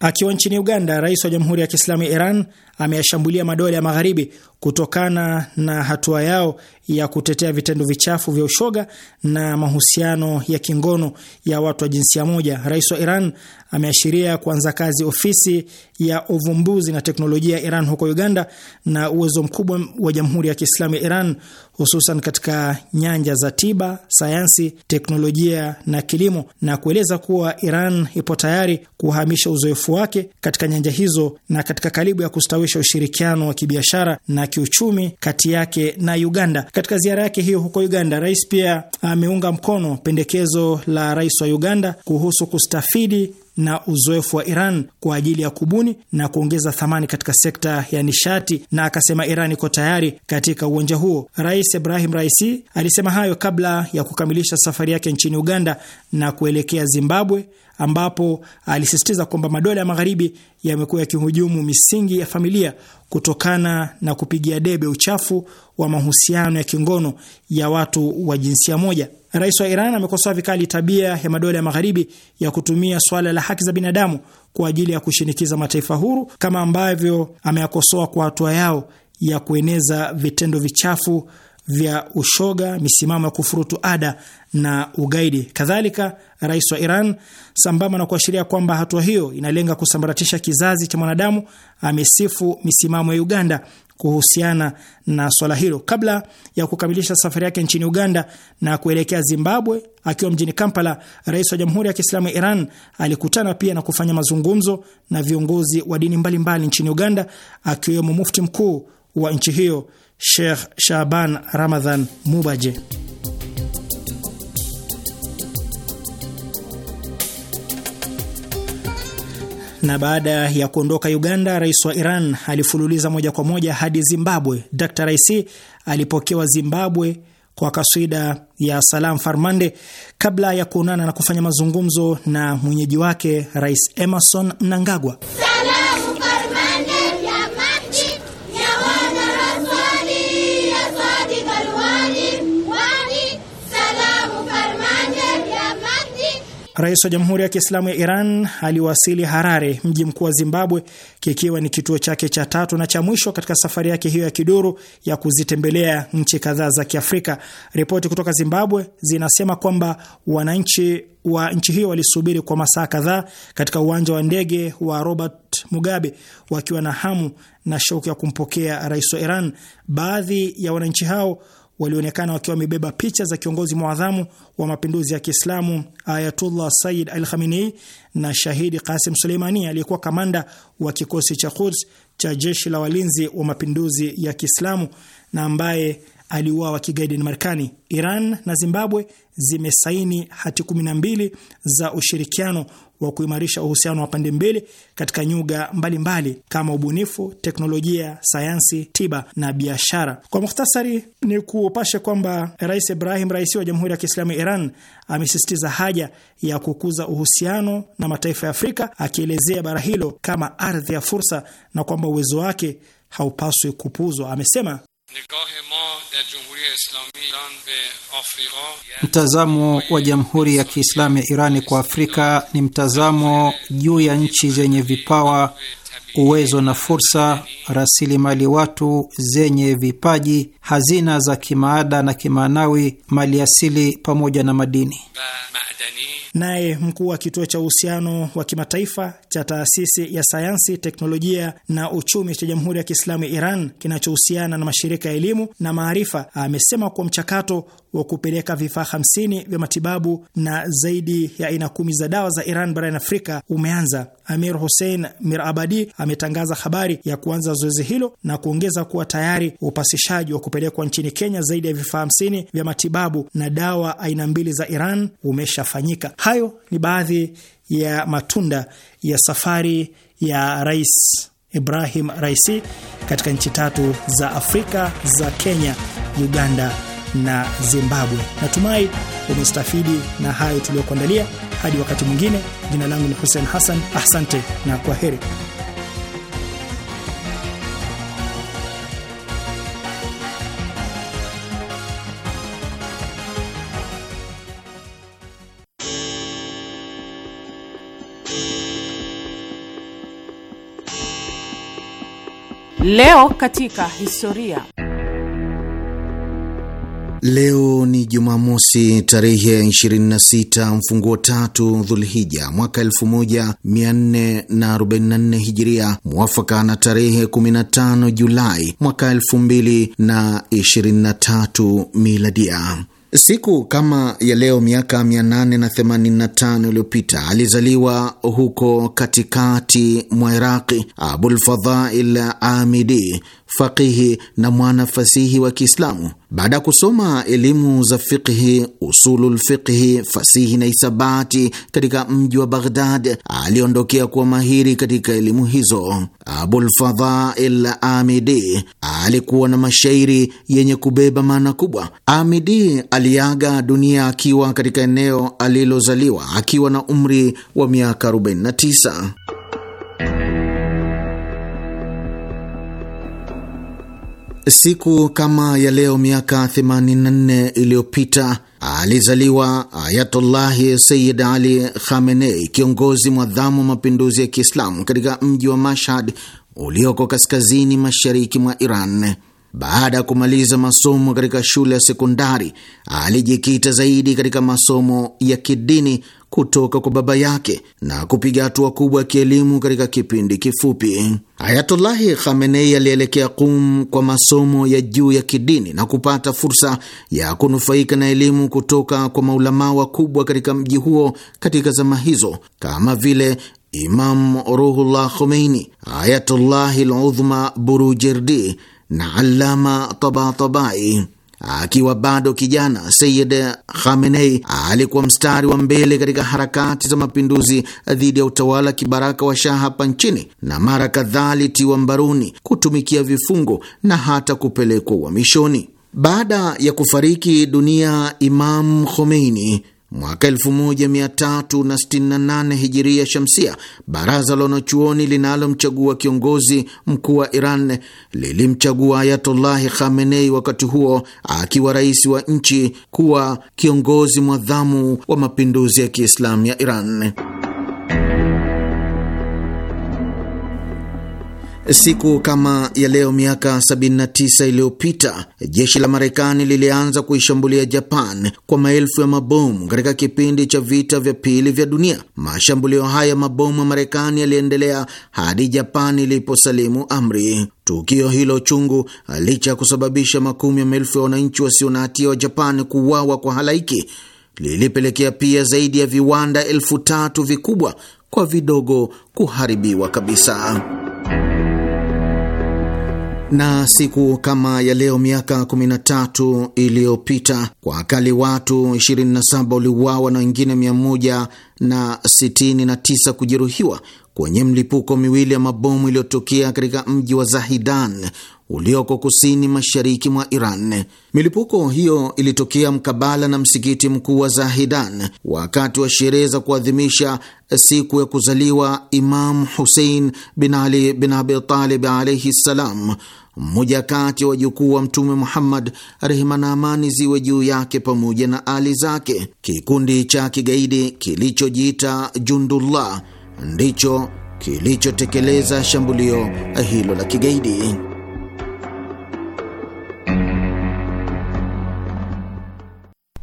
Akiwa nchini Uganda, rais wa Jamhuri ya Kiislamu ya Iran ameyashambulia madola ya magharibi kutokana na hatua yao ya kutetea vitendo vichafu vya ushoga na mahusiano ya kingono ya watu wa jinsia moja. Rais wa Iran ameashiria kuanza kazi ofisi ya uvumbuzi na teknolojia ya Iran huko Uganda na uwezo mkubwa wa Jamhuri ya Kiislamu ya Iran hususan katika nyanja za tiba, sayansi, teknolojia na kilimo, na kueleza kuwa Iran ipo tayari kuhamisha uzoefu wake katika nyanja hizo na katika karibu ya kustawisha kuimarisha ushirikiano wa kibiashara na kiuchumi kati yake na Uganda. Katika ziara yake hiyo huko Uganda, rais pia ameunga mkono pendekezo la rais wa Uganda kuhusu kustafidi na uzoefu wa Iran kwa ajili ya kubuni na kuongeza thamani katika sekta ya nishati na akasema Iran iko tayari katika uwanja huo. Rais Ibrahim Raisi alisema hayo kabla ya kukamilisha safari yake nchini Uganda na kuelekea Zimbabwe ambapo alisisitiza kwamba madola ya magharibi yamekuwa yakihujumu misingi ya familia kutokana na kupigia debe uchafu wa mahusiano ya kingono ya watu wa jinsia moja. Rais wa Iran amekosoa vikali tabia ya madola ya magharibi ya kutumia swala la haki za binadamu kwa ajili ya kushinikiza mataifa huru, kama ambavyo ameyakosoa kwa hatua yao ya kueneza vitendo vichafu vya ushoga, misimamo ya kufurutu ada na ugaidi. Kadhalika, rais wa Iran, sambamba na kuashiria kwamba hatua hiyo inalenga kusambaratisha kizazi cha mwanadamu, amesifu misimamo ya Uganda kuhusiana na swala hilo. Kabla ya kukamilisha safari yake nchini Uganda na kuelekea Zimbabwe, akiwa mjini Kampala, rais wa Jamhuri ya Kiislamu ya Iran alikutana pia na kufanya mazungumzo na viongozi wa dini mbalimbali mbali nchini Uganda, akiwemo mufti mkuu wa nchi hiyo Sheikh Shaban Ramadhan Mubaje. Na baada ya kuondoka Uganda, rais wa Iran alifululiza moja kwa moja hadi Zimbabwe. Dr. Raisi alipokewa Zimbabwe kwa kaswida ya Salam Farmande kabla ya kuonana na kufanya mazungumzo na mwenyeji wake Rais Emerson Mnangagwa. Rais wa Jamhuri ya Kiislamu ya Iran aliwasili Harare, mji mkuu wa Zimbabwe, kikiwa ni kituo chake cha tatu na cha mwisho katika safari yake hiyo ya kiduru ya kuzitembelea nchi kadhaa za Kiafrika. Ripoti kutoka Zimbabwe zinasema kwamba wananchi wa nchi hiyo walisubiri kwa masaa kadhaa katika uwanja wa ndege wa Robert Mugabe wakiwa na hamu na shauku ya kumpokea rais wa Iran. Baadhi ya wananchi hao walionekana wakiwa wamebeba picha za kiongozi mwadhamu wa mapinduzi ya Kiislamu Ayatullah Sayyid Al Khamenei na shahidi Qasim Suleimani aliyekuwa kamanda wa kikosi cha Quds cha jeshi la walinzi wa mapinduzi ya Kiislamu na ambaye aliuawa kigaidi na Marekani. Iran na Zimbabwe zimesaini hati 12 za ushirikiano wa kuimarisha uhusiano wa pande mbili katika nyuga mbalimbali mbali, kama ubunifu, teknolojia, sayansi, tiba na biashara. Kwa mukhtasari, ni kuupashe kwamba Rais Ibrahim Raisi wa Jamhuri ya Kiislamu ya Iran amesisitiza haja ya kukuza uhusiano na mataifa ya Afrika, akielezea bara hilo kama ardhi ya fursa na kwamba uwezo wake haupaswi kupuzwa Amesema Mtazamo wa Jamhuri ya Kiislamu ya Irani kwa Afrika ni mtazamo juu ya nchi zenye vipawa, uwezo na fursa, rasilimali watu zenye vipaji, hazina za kimaada na kimaanawi, maliasili pamoja na madini ba, Naye mkuu wa kituo cha uhusiano wa kimataifa cha taasisi ya sayansi, teknolojia na uchumi cha Jamhuri ya Kiislamu ya Iran kinachohusiana na mashirika ya elimu na maarifa amesema kuwa mchakato wa kupeleka vifaa 50 vya matibabu na zaidi ya aina kumi za dawa za Iran barani Afrika umeanza. Amir Hussein Mirabadi ametangaza habari ya kuanza zoezi hilo na kuongeza kuwa tayari upasishaji wa kupelekwa nchini Kenya zaidi ya vifaa 50 vya matibabu na dawa aina mbili za Iran umeshafanyika. Hayo ni baadhi ya matunda ya safari ya Rais Ibrahim Raisi katika nchi tatu za Afrika za Kenya, Uganda na Zimbabwe. Natumai umestafidi na hayo tuliyokuandalia. Hadi wakati mwingine, jina langu ni Hussein Hassan, asante na kwa heri. Leo katika historia Leo ni Jumamosi tarehe 26 mfunguo tatu Dhulhija mwaka 1444 Hijiria, mwafaka na tarehe 15 Julai mwaka 2023 Miladia. Siku kama ya leo miaka 885 iliyopita alizaliwa huko katikati mwa Iraqi Abulfadhail Amidi fakihi na mwanafasihi wa Kiislamu. Baada ya kusoma elimu za fiqhi, usulul fiqhi, fasihi na hisabati katika mji wa Baghdad, aliondokea kuwa mahiri katika elimu hizo. Abulfadhail Amidi alikuwa na mashairi yenye kubeba maana kubwa. Amidi aliaga dunia akiwa katika eneo alilozaliwa akiwa na umri wa miaka 49. Siku kama ya leo miaka 84 iliyopita alizaliwa Ayatullahi Sayyid Ali Khamenei, kiongozi mwadhamu wa mapinduzi ya Kiislamu katika mji wa Mashhad ulioko kaskazini mashariki mwa Iran. Baada ya kumaliza masomo katika shule ya sekondari, alijikita zaidi katika masomo ya kidini kutoka kwa baba yake na kupiga hatua kubwa ya kielimu katika kipindi kifupi. Ayatullahi Khamenei alielekea Qum kwa masomo ya juu ya kidini na kupata fursa ya kunufaika na elimu kutoka kwa maulamaa wakubwa katika mji huo katika zama hizo kama vile Imam Ruhullah Khomeini, Ayatullahi Ludhma Burujerdi na Allama Tabatabai. Akiwa bado kijana, Sayid Khamenei alikuwa mstari wa mbele katika harakati za mapinduzi dhidi ya utawala kibaraka wa Shah hapa nchini, na mara kadhaa alitiwa mbaruni, kutumikia vifungo na hata kupelekwa uhamishoni. Baada ya kufariki dunia Imam Khomeini, Mwaka 1368 hijiria shamsia, baraza la wanachuoni linalomchagua kiongozi mkuu wa Iran lilimchagua Ayatullahi Khamenei, wakati huo akiwa rais wa nchi, kuwa kiongozi mwadhamu wa mapinduzi ya Kiislamu ya Iran. Siku kama ya leo miaka 79 iliyopita jeshi la Marekani lilianza kuishambulia Japan kwa maelfu ya mabomu katika kipindi cha vita vya pili vya dunia. Mashambulio haya ya mabomu ya Marekani yaliendelea hadi Japan iliposalimu amri. Tukio hilo chungu, licha ya kusababisha makumi ya maelfu ya wananchi wasio na hatia wa Japan kuuawa kwa halaiki, lilipelekea pia zaidi ya viwanda elfu tatu vikubwa kwa vidogo kuharibiwa kabisa. Na siku kama ya leo miaka 13 iliyopita kwa akali watu 27 waliuawa na wengine 169 kujeruhiwa kwenye mlipuko miwili ya mabomu iliyotokea katika mji wa Zahidan ulioko kusini mashariki mwa Iran. Milipuko hiyo ilitokea mkabala na msikiti mkuu wa Zahidan wakati wa sherehe za kuadhimisha siku ya kuzaliwa Imam Husein bin Ali bin Abi Talib alaihi ssalam mmoja kati ya wajukuu wa Mtume Muhammad, rehema na amani ziwe juu yake pamoja na ali zake. Kikundi cha kigaidi kilichojiita Jundullah ndicho kilichotekeleza shambulio hilo la kigaidi.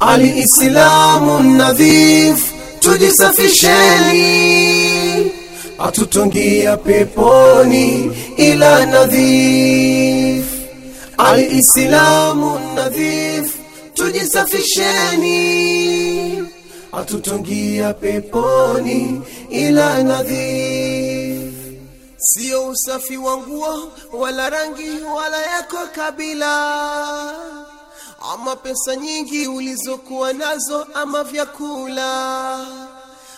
Ali Islamu nadhif, tujisafisheni atutungia peponi ila nadhif alislamu nadhif tujisafisheni atutungia peponi ila nadhif sio usafi wa nguo wala rangi wala yako kabila ama pesa nyingi ulizokuwa nazo ama vyakula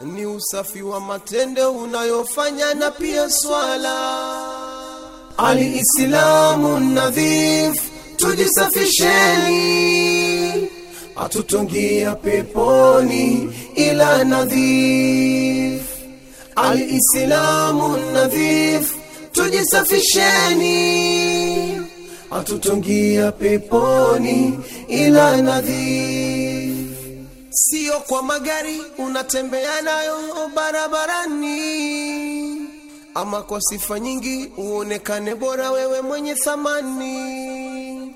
ni usafi wa matendo unayofanya na pia swala. Aliislamu nadhif, tujisafisheni, atutungia peponi ila nadhif. Aliislamu nadhif, tujisafisheni, atutungia peponi ila nadhif sio kwa magari unatembea nayo barabarani, ama kwa sifa nyingi uonekane bora wewe mwenye thamani,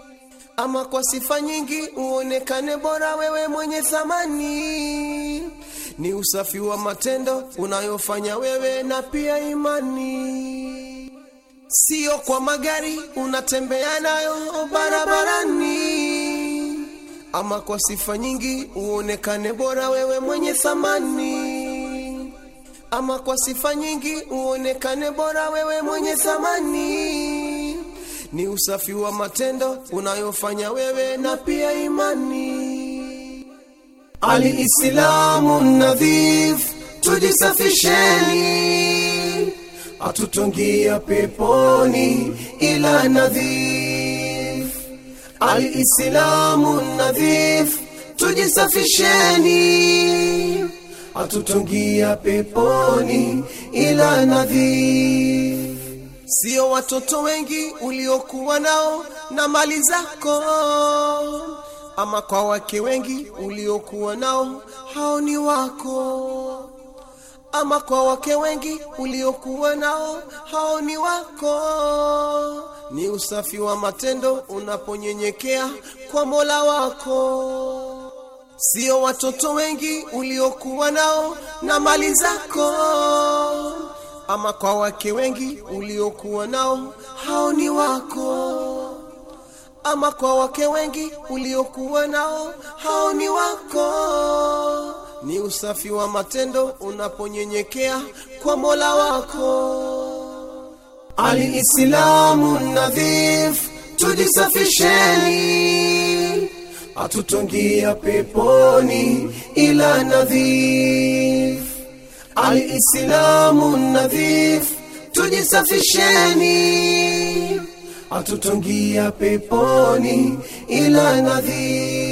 ama kwa sifa nyingi uonekane bora wewe mwenye thamani. Ni usafi wa matendo unayofanya wewe na pia imani, sio kwa magari unatembea nayo barabarani ama kwa sifa nyingi uonekane bora wewe mwenye thamani, ama kwa sifa nyingi uonekane bora wewe mwenye thamani. Ni usafi wa matendo unayofanya wewe na pia imani. Ali Islamu nadhif, tujisafisheni, atutongia peponi ila nadhif Alislamu nadhif, tujisafisheni, atutungia peponi ila nadhif. Sio watoto wengi uliokuwa nao na mali zako, ama kwa wake wengi uliokuwa nao, hao ni wako ama kwa wake wengi uliokuwa nao, hao ni wako. Ni usafi wa matendo unaponyenyekea kwa Mola wako, sio watoto wengi uliokuwa nao na mali zako, ama kwa wake wengi uliokuwa nao, hao ni wako ama kwa wake wengi uliokuwa nao, hao ni wako ni usafi wa matendo unaponyenyekea kwa Mola wako. Alislamu nadhif, tujisafisheni, atutongia peponi ila nadhif. Alislamu nadhif, tujisafisheni, atutongia peponi ila nadhif.